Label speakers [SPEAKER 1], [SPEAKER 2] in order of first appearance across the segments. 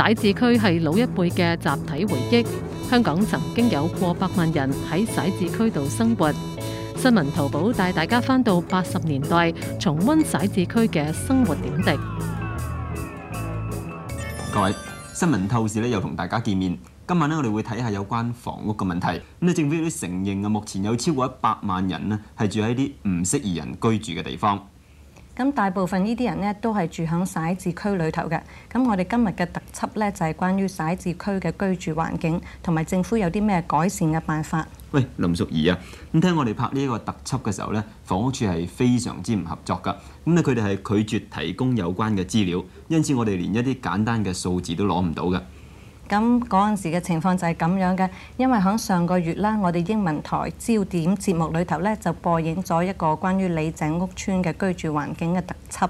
[SPEAKER 1] 徙置區係老一輩嘅集體回憶，香港曾經有過百萬人喺徙置區度生活。新聞掏寶帶大家返到八十年代，重温徙置區嘅生活點滴。
[SPEAKER 2] 各位，新聞透視呢又同大家見面，今晚呢我哋會睇下有關房屋嘅問題。咁啊，政府都承認啊，目前有超過一百萬人呢係住喺啲唔適宜人居住嘅地方。
[SPEAKER 1] 咁大部分呢啲人呢都係住喺徙置區裏頭嘅。咁我哋今日嘅特輯呢，就係關於徙置區嘅居住環境同埋政府有啲咩改善嘅辦法。
[SPEAKER 2] 喂，林淑儀啊，咁聽我哋拍呢一個特輯嘅時候呢，房屋處係非常之唔合作㗎。咁呢佢哋係拒絕提供有關嘅資料，因此我哋連一啲簡單嘅數字都攞唔到㗎。
[SPEAKER 1] 咁嗰陣時嘅情況就係咁樣嘅，因為喺上個月啦，我哋英文台焦點節目裏頭咧就播映咗一個關於李鄭屋邨嘅居住環境嘅特輯。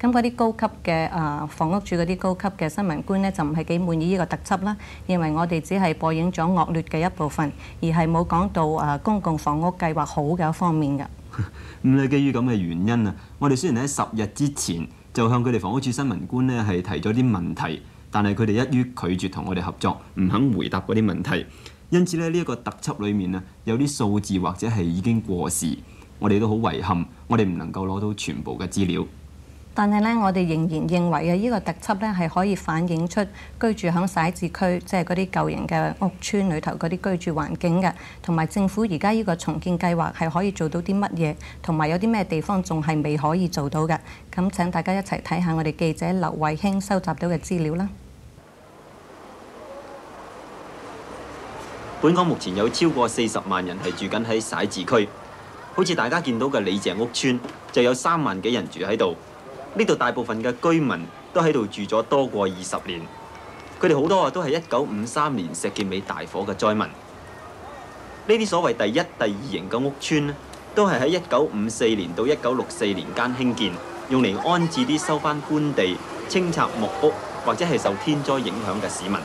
[SPEAKER 1] 咁嗰啲高級嘅啊房屋署嗰啲高級嘅新聞官咧就唔係幾滿意呢個特輯啦，認為我哋只係播映咗惡劣嘅一部分，而係冇講到啊公共房屋計劃好嘅一方面嘅。
[SPEAKER 2] 咁你，基於咁嘅原因啊，我哋雖然喺十日之前就向佢哋房屋署新聞官咧係提咗啲問題。但係佢哋一於拒絕同我哋合作，唔肯回答嗰啲問題，因此咧呢一個特輯裏面啊，有啲數字或者係已經過時，我哋都好遺憾，我哋唔能夠攞到全部嘅資料。
[SPEAKER 1] 但係呢，我哋仍然認為啊，呢個特輯呢係可以反映出居住喺徙置區，即係嗰啲舊型嘅屋村裏頭嗰啲居住環境嘅，同埋政府而家呢個重建計劃係可以做到啲乜嘢，同埋有啲咩地方仲係未可以做到嘅。咁請大家一齊睇下我哋記者劉慧卿收集到嘅資料啦。
[SPEAKER 2] 本港目前有超過四十萬人係住緊喺徙置區，好似大家見到嘅李鄭屋村就有三萬幾人住喺度。呢度大部分嘅居民都喺度住咗多過二十年，佢哋好多啊都係一九五三年石硖尾大火嘅災民。呢啲所謂第一、第二型嘅屋邨都係喺一九五四年到一九六四年間興建，用嚟安置啲收翻官地、清拆木屋或者係受天災影響嘅市民。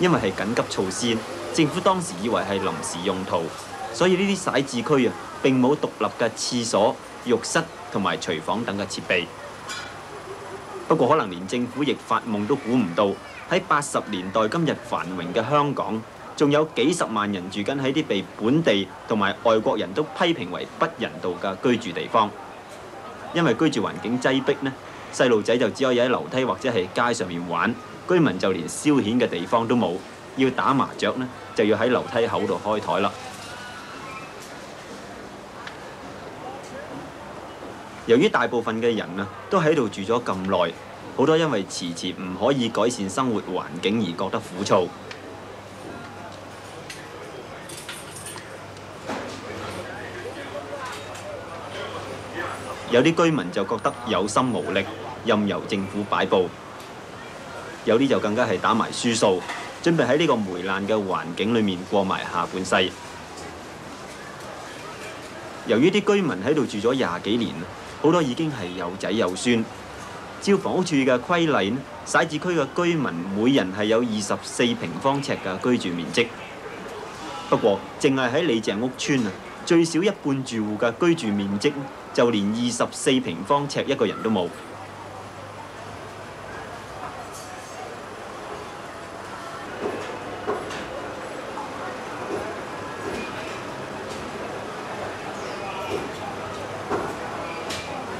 [SPEAKER 2] 因為係緊急措施，政府當時以為係臨時用途，所以呢啲徙置區啊並冇獨立嘅廁所、浴室同埋廚房等嘅設備。不過可能連政府亦發夢都估唔到，喺八十年代今日繁榮嘅香港，仲有幾十萬人住緊喺啲被本地同埋外國人都批評為不人道嘅居住地方。因為居住環境擠迫呢，細路仔就只可以喺樓梯或者係街上面玩，居民就連消遣嘅地方都冇，要打麻雀呢就要喺樓梯口度開台啦。由於大部分嘅人啊，都喺度住咗咁耐，好多因為遲遲唔可以改善生活環境而覺得苦燥，有啲居民就覺得有心無力，任由政府擺佈；有啲就更加係打埋輸數，準備喺呢個霉爛嘅環境裡面過埋下半世。由於啲居民喺度住咗廿幾年。好多已經係有仔有孫。照房屋處嘅規例咧，徙置區嘅居民每人係有二十四平方尺嘅居住面積。不過，淨係喺李鄭屋村啊，最少一半住戶嘅居住面積就連二十四平方尺一個人都冇。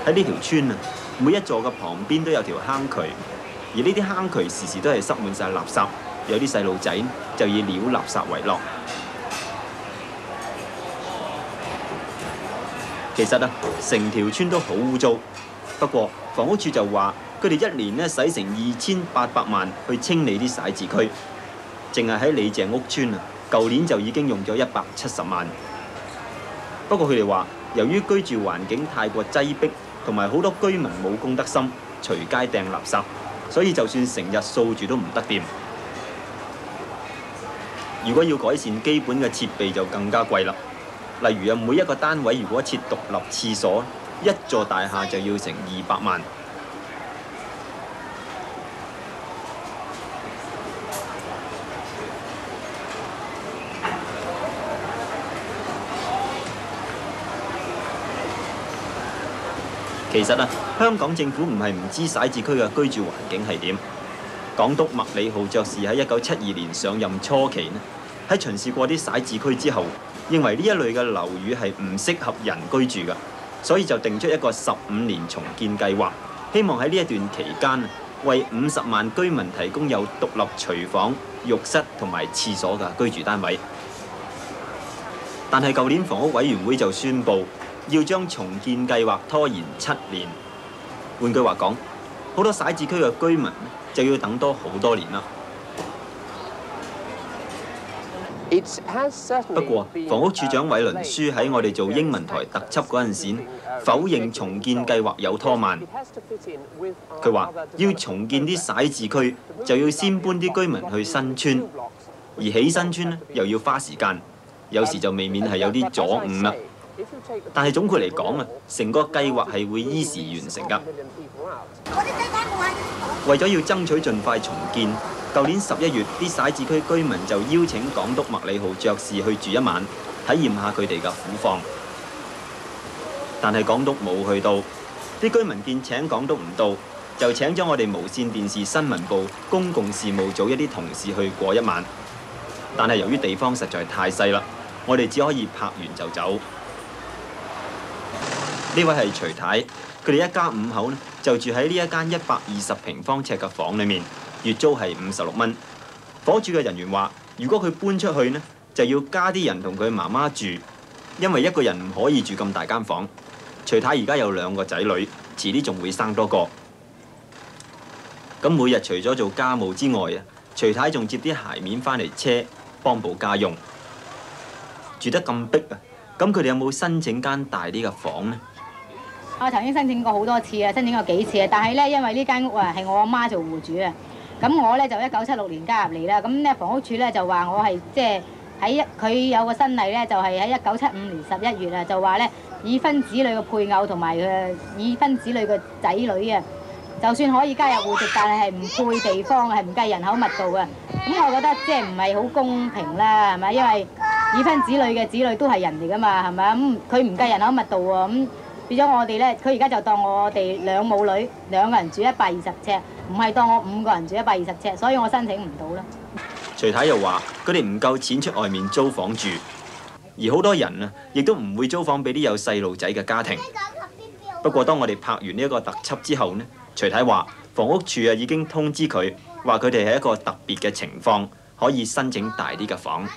[SPEAKER 2] 喺呢條村啊，每一座嘅旁邊都有條坑渠，而呢啲坑渠時時都係塞滿晒垃圾，有啲細路仔就以撈垃圾為樂。其實啊，成條村都好污糟。不過房屋署就話，佢哋一年咧使成二千八百萬去清理啲徙置區，淨係喺李鄭屋村啊，舊年就已經用咗一百七十萬。不過佢哋話，由於居住環境太過擠迫。同埋好多居民冇公德心，隨街掟垃圾，所以就算成日掃住都唔得掂。如果要改善基本嘅設備，就更加貴啦。例如啊，每一個單位如果設獨立廁所，一座大廈就要成二百萬。其實啊，香港政府唔係唔知徙置區嘅居住環境係點。港督麥理浩爵士喺一九七二年上任初期呢，喺巡視過啲徙置區之後，認為呢一類嘅樓宇係唔適合人居住嘅，所以就定出一個十五年重建計劃，希望喺呢一段期間啊，為五十萬居民提供有獨立廚房、浴室同埋廁所嘅居住單位。但係舊年房屋委員會就宣布，要將重建計劃拖延七年，換句話講，好多徙置區嘅居民就要等多好多年啦。不過，房屋處長韋倫書喺我哋做英文台特輯嗰陣時，否認重建計劃有拖慢。佢話要重建啲徙置區，就要先搬啲居民去新村，而起新村咧又要花時間，有時就未免係有啲阻誤啦。但係總括嚟講啊，成個計劃係會依時完成㗎。為咗要爭取盡快重建，舊年十一月啲徙置區居民就邀請港督麥理浩爵士去住一晚，體驗下佢哋嘅苦況。但係港督冇去到，啲居民見請港督唔到，就請咗我哋無線電視新聞部公共事務組一啲同事去過一晚。但係由於地方實在太細啦，我哋只可以拍完就走。呢位係徐太，佢哋一家五口呢就住喺呢一間一百二十平方尺嘅房裏面，月租係五十六蚊。房主嘅人員話，如果佢搬出去呢，就要加啲人同佢媽媽住，因為一個人唔可以住咁大間房。徐太而家有兩個仔女，遲啲仲會生多個。咁每日除咗做家務之外啊，徐太仲接啲鞋面返嚟車，幫補家用。住得咁逼啊！咁佢哋有冇申請間大啲嘅房呢？
[SPEAKER 3] 我曾經申請過好多次啊，申請過幾次啊，但係咧，因為呢間屋啊係我阿媽做戶主啊，咁我咧就一九七六年加入嚟啦。咁咧房屋署咧就話我係即係喺一佢有個新例咧，就係喺一九七五年十一月啊，就話咧已婚子女嘅配偶同埋佢嘅已婚子女嘅仔女啊，就算可以加入戶籍，但係係唔配地方，係唔計人口密度啊。咁我覺得即係唔係好公平啦，係咪？因為已婚子女嘅子女都係人嚟噶嘛，係咪啊？咁佢唔計人口密度喎咁。變咗我哋咧，佢而家就當我哋兩母女兩個人住一百二十尺，唔係當我五個人住一百二十尺，所以我申請唔到啦。
[SPEAKER 2] 徐太又話：佢哋唔夠錢出外面租房住，而好多人啊，亦都唔會租房俾啲有細路仔嘅家庭。不過當我哋拍完呢一個特輯之後呢，徐太話房屋處啊已經通知佢，話佢哋係一個特別嘅情況，可以申請大啲嘅房。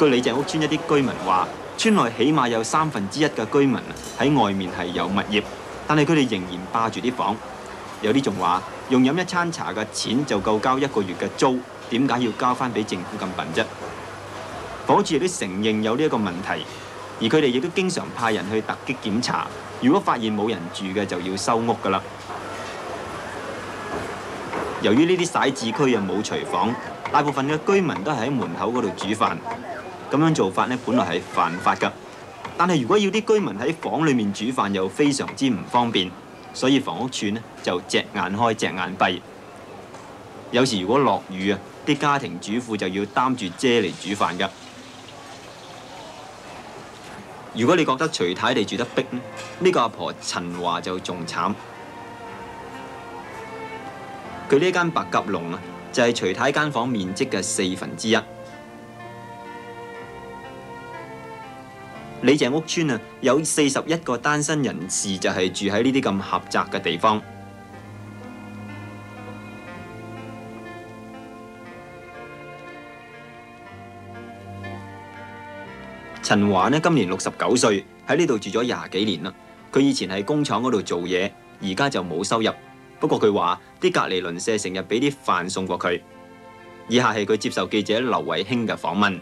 [SPEAKER 2] 據李鄭屋村一啲居民話。村內起碼有三分之一嘅居民喺外面係有物業，但係佢哋仍然霸住啲房，有啲仲話用飲一餐茶嘅錢就夠交一個月嘅租，點解要交翻俾政府咁笨啫？房主亦都承認有呢一個問題，而佢哋亦都經常派人去突擊檢查，如果發現冇人住嘅就要收屋噶啦。由於呢啲徙置區又冇廚房，大部分嘅居民都喺門口嗰度煮飯。咁樣做法呢，本來係犯法㗎。但係如果要啲居民喺房裏面煮飯，又非常之唔方便。所以房屋處呢，就隻眼開隻眼閉。有時如果落雨啊，啲家庭主婦就要擔住遮嚟煮飯㗎。如果你覺得徐太地住得逼咧，呢個阿婆陳華就仲慘。佢呢間白鴿籠啊，就係徐太間房面積嘅四分之一。李鄭屋村啊，有四十一個單身人士，就係住喺呢啲咁狹窄嘅地方。陳華呢，今年六十九歲，喺呢度住咗廿幾年啦。佢以前喺工廠嗰度做嘢，而家就冇收入。不過佢話啲隔籬鄰舍成日俾啲飯送過佢。以下係佢接受記者劉偉興嘅訪問。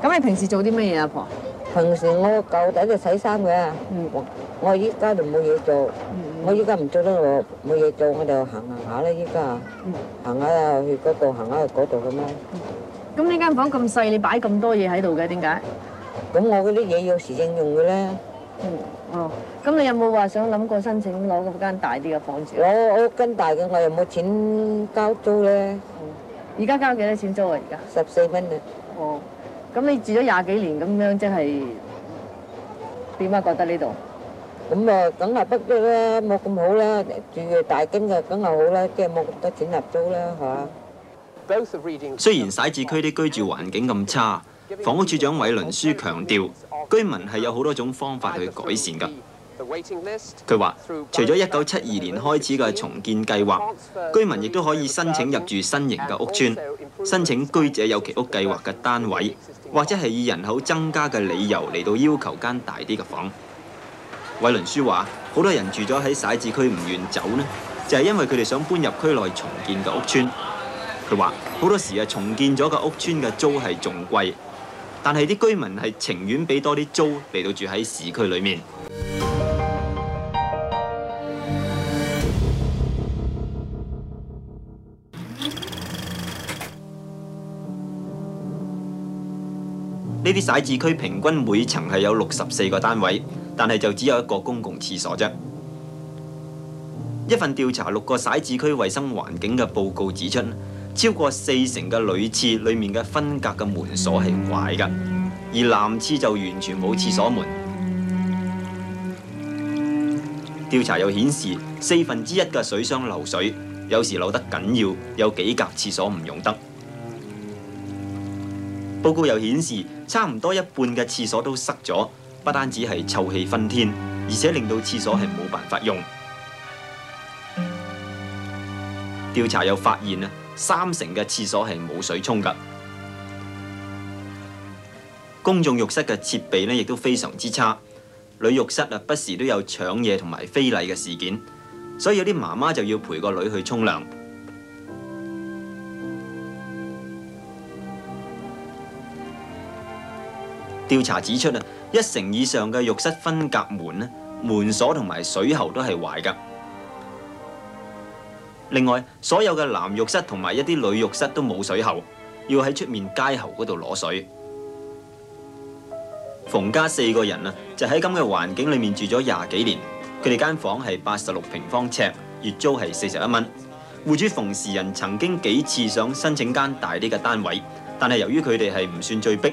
[SPEAKER 1] 咁你平時做啲乜嘢，阿婆？平時我舊底就洗衫嘅、嗯。我我依家就冇嘢做。嗯、我依家唔做得我冇嘢做，我就行行下啦，依家。
[SPEAKER 3] 嗯。
[SPEAKER 1] 行下啊，走走去嗰度行下嗰度咁咯。
[SPEAKER 3] 咁、嗯、呢間房咁細，你擺咁多嘢喺度嘅，點解？
[SPEAKER 1] 咁我嗰啲嘢有時應用嘅咧。嗯。哦。咁你有冇話想諗過申請攞嗰間大啲嘅房子？攞屋更大嘅我又冇錢交租咧。而、嗯、家交幾多錢租啊？而家。十四蚊啊。哦。咁你住咗廿幾年咁樣，即係點解？覺得呢度咁啊，梗係不吉啦，冇咁好啦。住嘅大京嘅梗係好啦，即係冇咁多錢入租啦嚇。雖
[SPEAKER 2] 然徙置區啲居住環境咁差，房屋署長韋倫書強調，居民係有好多種方法去改善㗎。佢話：除咗一九七二年開始嘅重建計劃，居民亦都可以申請入住新型嘅屋邨，申請居者有其屋計劃嘅單位，或者係以人口增加嘅理由嚟到要求間大啲嘅房。韋倫書話：好多人住咗喺徙置區唔願走呢，就係、是、因為佢哋想搬入區內重建嘅屋邨。佢話：好多時啊，重建咗嘅屋邨嘅租係仲貴，但係啲居民係情願俾多啲租嚟到住喺市區裏面。呢啲徙置區平均每層係有六十四個單位，但係就只有一個公共廁所啫。一份調查六個徙置區衛生環境嘅報告指出，超過四成嘅女廁裏面嘅分隔嘅門鎖係壞㗎，而男廁就完全冇廁所門。調查又顯示，四分之一嘅水箱漏水，有時漏得緊要，有幾格廁所唔用得。報告又顯示。差唔多一半嘅廁所都塞咗，不單止係臭氣熏天，而且令到廁所係冇辦法用。調查又發現，三成嘅廁所係冇水沖嘅。公眾浴室嘅設備咧，亦都非常之差。女浴室不時都有搶嘢同埋非禮嘅事件，所以有啲媽媽就要陪個女去沖涼。調查指出啊，一成以上嘅浴室分隔門咧，門鎖同埋水喉都係壞噶。另外，所有嘅男浴室同埋一啲女浴室都冇水喉，要喺出面街喉嗰度攞水。馮家四個人啊，就喺咁嘅環境裏面住咗廿幾年。佢哋間房係八十六平方尺，月租係四十一蚊。戶主馮時仁曾經幾次想申請間大啲嘅單位，但係由於佢哋係唔算最逼。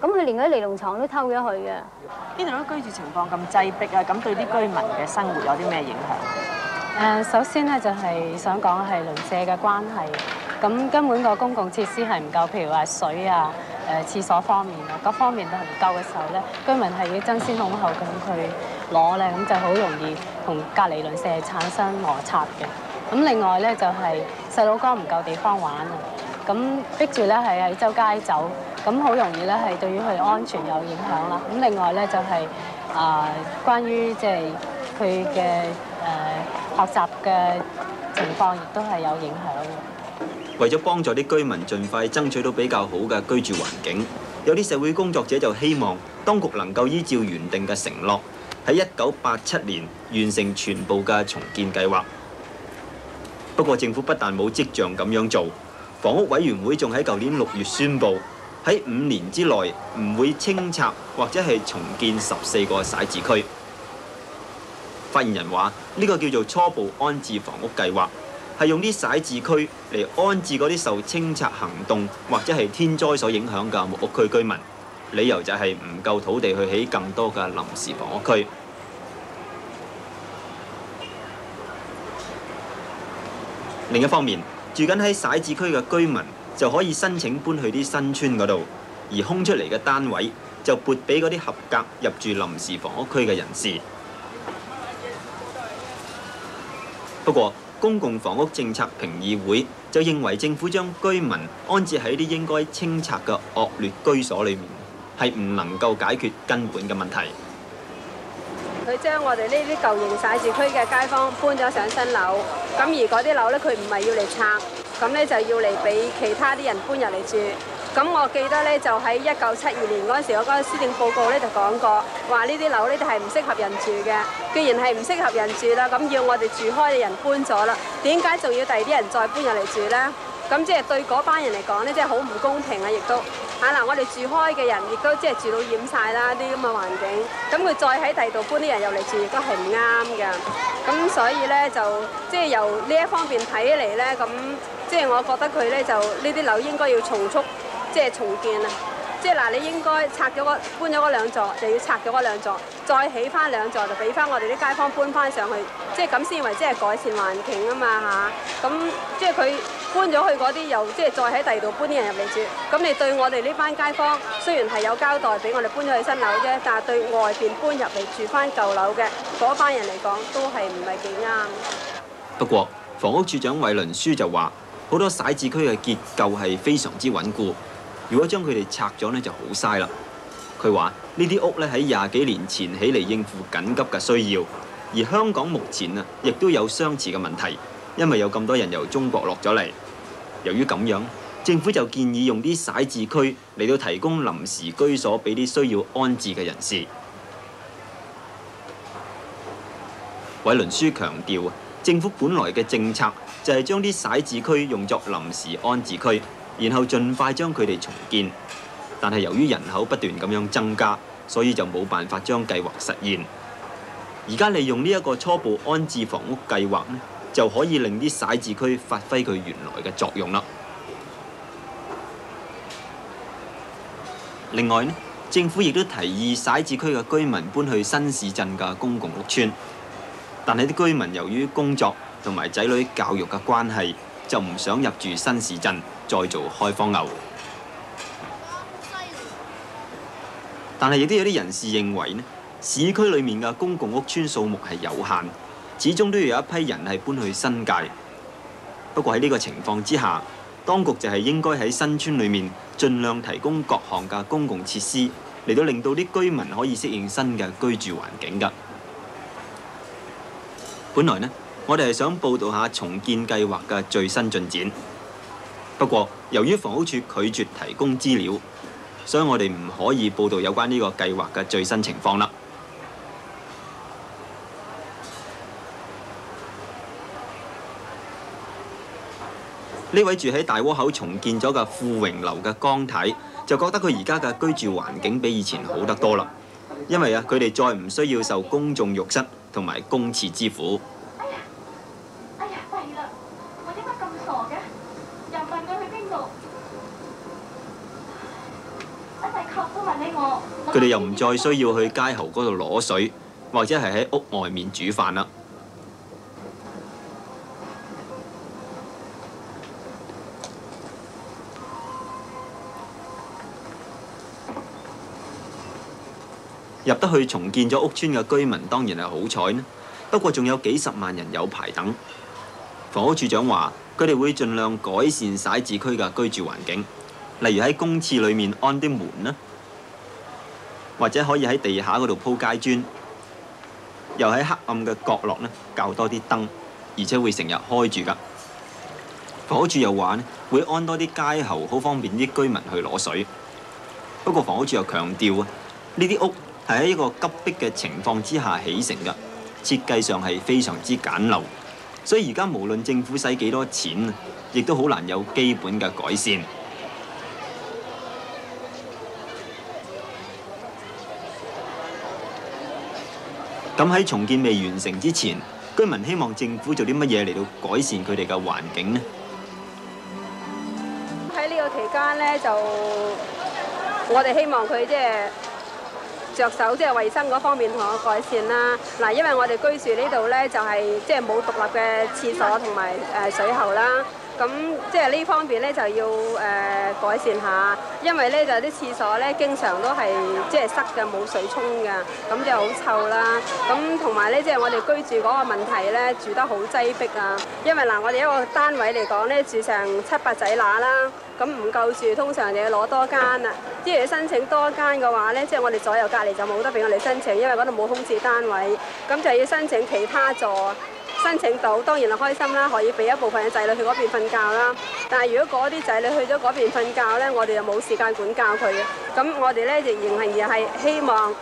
[SPEAKER 3] 咁佢連嗰啲尼龍牀都偷咗去嘅。邊度咧居住情況咁擠迫啊？咁對啲居民嘅生活有啲咩影響？誒，首先咧就係想講係鄰舍嘅關係。咁根本個公共設施係唔夠，譬如話水啊、誒、呃、廁所方面啊，各方面都係唔夠嘅時候咧，居民係要爭先恐後咁去攞咧，咁就好容易同隔離鄰舍產生摩擦嘅。咁另外咧就係細路哥唔夠地方玩啊，咁逼住咧係喺周街走。咁好容易咧，係對於佢安全有影響啦。咁另外咧就係啊，關於即係佢嘅誒學習嘅情況，亦都係有影響
[SPEAKER 2] 嘅。為咗幫助啲居民盡快爭取到比較好嘅居住環境，有啲社會工作者就希望當局能夠依照原定嘅承諾，喺一九八七年完成全部嘅重建計劃。不過政府不但冇跡象咁樣做，房屋委員會仲喺舊年六月宣布。喺五年之內唔會清拆或者係重建十四個徙置區。發言人話：呢個叫做初步安置房屋計劃，係用啲徙置區嚟安置嗰啲受清拆行動或者係天災所影響嘅木屋區居民。理由就係唔夠土地去起更多嘅臨時房屋區。另一方面，住緊喺徙置區嘅居民，就可以申請搬去啲新村嗰度，而空出嚟嘅單位就撥俾嗰啲合格入住臨時房屋區嘅人士。不過，公共房屋政策評議會就認為政府將居民安置喺啲應該清拆嘅惡劣居所裏面，係唔能夠解決根本嘅問題。佢
[SPEAKER 3] 將我哋呢啲舊型徙置區嘅街坊搬咗上新樓，咁而嗰啲樓咧，佢唔係要嚟拆。咁咧就要嚟俾其他啲人搬入嚟住。咁我記得咧就喺一九七二年嗰陣時，嗰個施政報告咧就講過，話呢啲樓咧就係唔適合人住嘅。既然係唔適合人住啦，咁要我哋住開嘅人搬咗啦，點解仲要第二啲人再搬入嚟住咧？咁即係對嗰班人嚟講咧，即係好唔公平啊！亦都啊嗱，我哋住開嘅人亦都即係住到染晒啦啲咁嘅環境。咁佢再喺第二度搬啲人入嚟住，亦都係唔啱嘅。咁所以咧就即係由呢一方面睇起嚟咧，咁。即係我覺得佢咧就呢啲樓應該要重築，即係重建啊！即係嗱，你應該拆咗嗰搬咗嗰兩座，就要拆咗嗰兩座，再起翻兩座就俾翻我哋啲街坊搬翻上去，即係咁先為即係改善環境啊嘛嚇！咁即係佢搬咗去嗰啲又即係再喺第二度搬啲人入嚟住，咁你對我哋呢班街坊雖然係有交代俾我哋搬咗去新樓啫，但係對外邊搬入嚟住翻舊樓嘅嗰班人嚟講都係唔係幾啱。
[SPEAKER 2] 不過房屋處長韋倫書就話。好多徙置區嘅結構係非常之穩固，如果將佢哋拆咗呢，就好嘥啦。佢話呢啲屋呢，喺廿幾年前起嚟應付緊急嘅需要，而香港目前啊亦都有相似嘅問題，因為有咁多人由中國落咗嚟。由於咁樣，政府就建議用啲徙置區嚟到提供臨時居所俾啲需要安置嘅人士。委倫書強調啊，政府本來嘅政策。就係將啲徙置區用作臨時安置區，然後盡快將佢哋重建。但係由於人口不斷咁樣增加，所以就冇辦法將計劃實現。而家利用呢一個初步安置房屋計劃呢，就可以令啲徙置區發揮佢原來嘅作用啦。另外呢，政府亦都提議徙置區嘅居民搬去新市鎮嘅公共屋邨，但係啲居民由於工作。同埋仔女教育嘅關係，就唔想入住新市鎮，再做開荒牛。但係亦都有啲人士認為呢，市區裏面嘅公共屋邨數目係有限，始終都要有一批人係搬去新界。不過喺呢個情況之下，當局就係應該喺新村裏面盡量提供各項嘅公共設施，嚟到令到啲居民可以適應新嘅居住環境㗎。本來呢。我哋係想報道下重建計劃嘅最新進展，不過由於房屋處拒絕提供資料，所以我哋唔可以報道有關呢個計劃嘅最新情況啦。呢位住喺大窩口重建咗嘅富榮樓嘅江太，就覺得佢而家嘅居住環境比以前好得多啦，因為啊，佢哋再唔需要受公眾浴室同埋公廁之苦。佢哋又唔再需要去街喉嗰度攞水，或者係喺屋外面煮飯啦。入得去重建咗屋村嘅居民當然係好彩呢，不過仲有幾十萬人有排等。房屋處長話：佢哋會盡量改善徙置區嘅居住環境，例如喺公廁裏面安啲門啦。或者可以喺地下嗰度鋪街磚，又喺黑暗嘅角落呢較多啲燈，而且會成日開住㗎。房屋處又話咧，會安多啲街喉，好方便啲居民去攞水。不過房屋處又強調啊，呢啲屋係喺一個急迫嘅情況之下起成㗎，設計上係非常之簡陋，所以而家無論政府使幾多錢，亦都好難有基本嘅改善。咁喺重建未完成之前，居民希望政府做啲乜嘢嚟到改善佢哋嘅環境呢？
[SPEAKER 3] 喺呢個期間咧，就我哋希望佢即係着手即係衞生嗰方面同我改善啦。嗱，因為我哋居住呢度咧，就係即係冇獨立嘅廁所同埋誒水喉啦。咁即係呢方面咧就要誒、呃、改善下，因為咧就啲廁所咧經常都係即係塞嘅，冇水沖嘅，咁就好臭啦。咁同埋咧即係我哋居住嗰個問題咧住得好擠迫啊，因為嗱、呃、我哋一個單位嚟講咧住成七八仔乸啦，咁唔夠住通常就要攞多間啦。即係要申請多間嘅話咧，即係我哋左右隔離就冇得俾我哋申請，因為嗰度冇空置單位，咁就要申請其他座。申請到當然係開心啦，可以俾一部分嘅仔女去嗰邊瞓覺啦。但係如果嗰啲仔女去咗嗰邊瞓覺呢，我哋又冇時間管教佢。咁我哋呢，仍然仍然係希望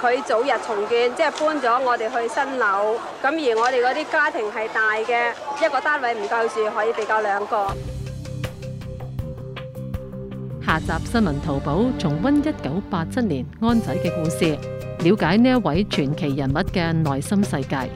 [SPEAKER 3] 佢早日重建，即係搬咗我哋去新樓。咁而我哋嗰啲家庭係大嘅，一個單位唔夠住，可以比較兩個。
[SPEAKER 1] 下集新聞掏寶重溫一九八七年安仔嘅故事，了解呢一位傳奇人物嘅內心世界。